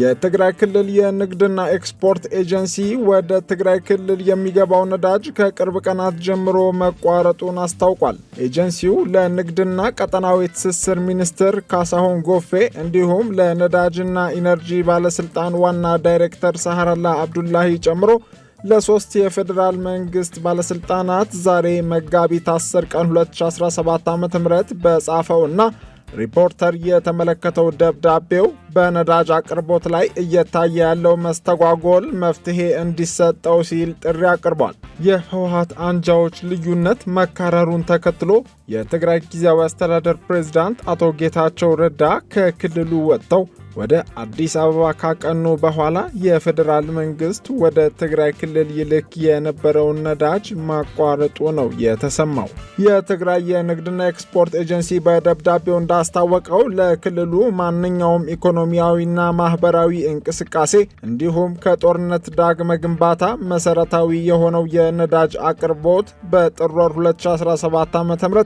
የትግራይ ክልል የንግድና ኤክስፖርት ኤጀንሲ ወደ ትግራይ ክልል የሚገባው ነዳጅ ከቅርብ ቀናት ጀምሮ መቋረጡን አስታውቋል። ኤጀንሲው ለንግድና ቀጠናዊ ትስስር ሚኒስትር ካሳሁን ጎፌ እንዲሁም ለነዳጅና ኢነርጂ ባለስልጣን ዋና ዳይሬክተር ሳህራላ አብዱላሂ ጨምሮ ለሶስት የፌዴራል መንግስት ባለስልጣናት ዛሬ መጋቢት 10 ቀን 2017 ዓ ም በጻፈውና ሪፖርተር የተመለከተው ደብዳቤው በነዳጅ አቅርቦት ላይ እየታየ ያለው መስተጓጎል መፍትሄ እንዲሰጠው ሲል ጥሪ አቅርቧል። የህወሀት አንጃዎች ልዩነት መካረሩን ተከትሎ የትግራይ ጊዜያዊ አስተዳደር ፕሬዝዳንት አቶ ጌታቸው ረዳ ከክልሉ ወጥተው ወደ አዲስ አበባ ካቀኑ በኋላ የፌዴራል መንግስት ወደ ትግራይ ክልል ይልክ የነበረውን ነዳጅ ማቋረጡ ነው የተሰማው። የትግራይ የንግድና ኤክስፖርት ኤጀንሲ በደብዳቤው እንዳስታወቀው ለክልሉ ማንኛውም ኢኮኖሚያዊና ማህበራዊ እንቅስቃሴ እንዲሁም ከጦርነት ዳግመ ግንባታ መሰረታዊ የሆነው የ የነዳጅ አቅርቦት በጥር 2017 ዓ ም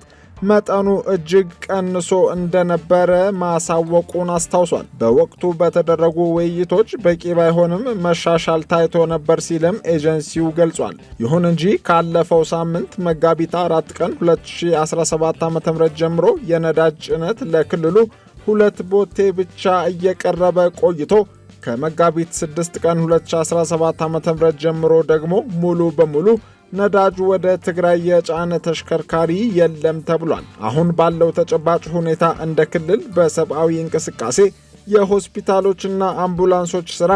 መጠኑ እጅግ ቀንሶ እንደነበረ ማሳወቁን አስታውሷል። በወቅቱ በተደረጉ ውይይቶች በቂ ባይሆንም መሻሻል ታይቶ ነበር ሲልም ኤጀንሲው ገልጿል። ይሁን እንጂ ካለፈው ሳምንት መጋቢት አራት ቀን 2017 ዓ ም ጀምሮ የነዳጅ ጭነት ለክልሉ ሁለት ቦቴ ብቻ እየቀረበ ቆይቶ ከመጋቢት 6 ቀን 2017 ዓ ም ጀምሮ ደግሞ ሙሉ በሙሉ ነዳጅ ወደ ትግራይ የጫነ ተሽከርካሪ የለም ተብሏል። አሁን ባለው ተጨባጭ ሁኔታ እንደ ክልል በሰብአዊ እንቅስቃሴ የሆስፒታሎችና አምቡላንሶች ሥራ፣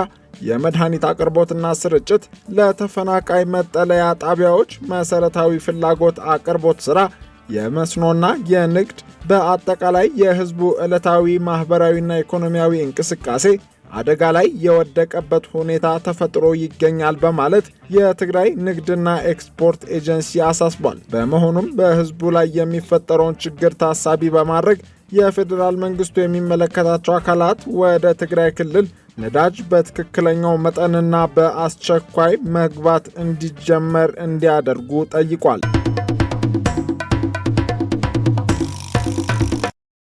የመድኃኒት አቅርቦትና ስርጭት፣ ለተፈናቃይ መጠለያ ጣቢያዎች መሠረታዊ ፍላጎት አቅርቦት ሥራ፣ የመስኖና የንግድ፣ በአጠቃላይ የሕዝቡ ዕለታዊ ማኅበራዊና ኢኮኖሚያዊ እንቅስቃሴ አደጋ ላይ የወደቀበት ሁኔታ ተፈጥሮ ይገኛል በማለት የትግራይ ንግድና ኤክስፖርት ኤጀንሲ አሳስቧል። በመሆኑም በህዝቡ ላይ የሚፈጠረውን ችግር ታሳቢ በማድረግ የፌዴራል መንግስቱ የሚመለከታቸው አካላት ወደ ትግራይ ክልል ነዳጅ በትክክለኛው መጠንና በአስቸኳይ መግባት እንዲጀመር እንዲያደርጉ ጠይቋል።